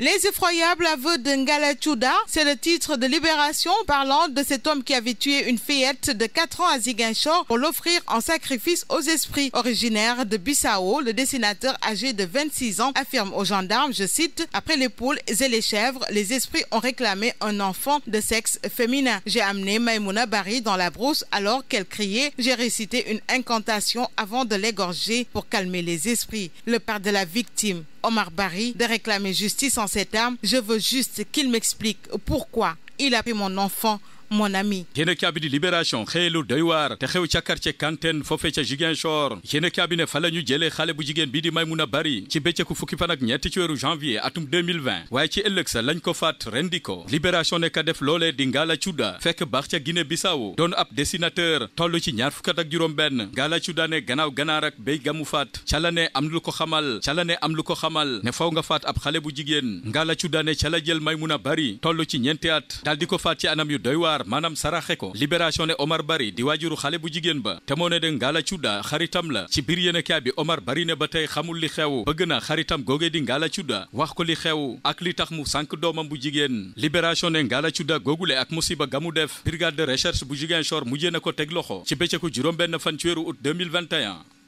Les effroyables aveux de c'est le titre de Libération parlant de cet homme qui avait tué une fillette de 4 ans à Ziguinchor pour l'offrir en sacrifice aux esprits. Originaire de Bissau, le dessinateur âgé de 26 ans affirme aux gendarmes, je cite, après les poules et les chèvres, les esprits ont réclamé un enfant de sexe féminin. J'ai amené Maimouna Barry dans la brousse alors qu'elle criait, j'ai récité une incantation avant de l'égorger pour calmer les esprits. Le père de la victime Omar Barry de réclamer justice en cette âme. Je veux juste qu'il m'explique pourquoi il a pris mon enfant mon ami yéen kaa di libération xëy lu doy waar te xew ca quartier Kantène foofe ca Ziguinchor yéen kaa bi ne fa la ñu jëlee xale bu jigéen bii di Maymuna Bari ci bëccëgu fukki fanak ak ñetti ci weeru janvier atum 2020 waaye ci ëllëg sa lañ ko faat rendi ko libération ne ka def loolee di Ngala Cuda fekk baax ca Guinée Bissau doon ab dessinateur toll ci ñaar fukkat ak juróom benn Ngala Cuda ne gannaaw ganaar ak béy gamu faat ca la ne am lu ko xamal ca la ne am lu ko xamal ne faw nga faat ab xale bu jigéen Ngala Cuda ne ca la jël Maymuna Bari toll ci ñeenti at daal di ko faat anam yu doy waar xaar maanaam saraxe ko libération ne Omar Bari di waajuru xale bu jigéen ba te moo ne de Ngalla Cudda xaritam la ci biir yéenekaay bi Omar Bari ne ba tey xamul li xew bëgg na xaritam googee di Ngalla Cudda wax ko li xew ak li tax mu sànk doomam bu jigéen libération ne Ngalla Cudda googule ak musiba gamu def brigade de recherche bu Ziguinchor mujjee na ko teg loxo ci bëccëgu juróom-benn fan ci weeru août 2021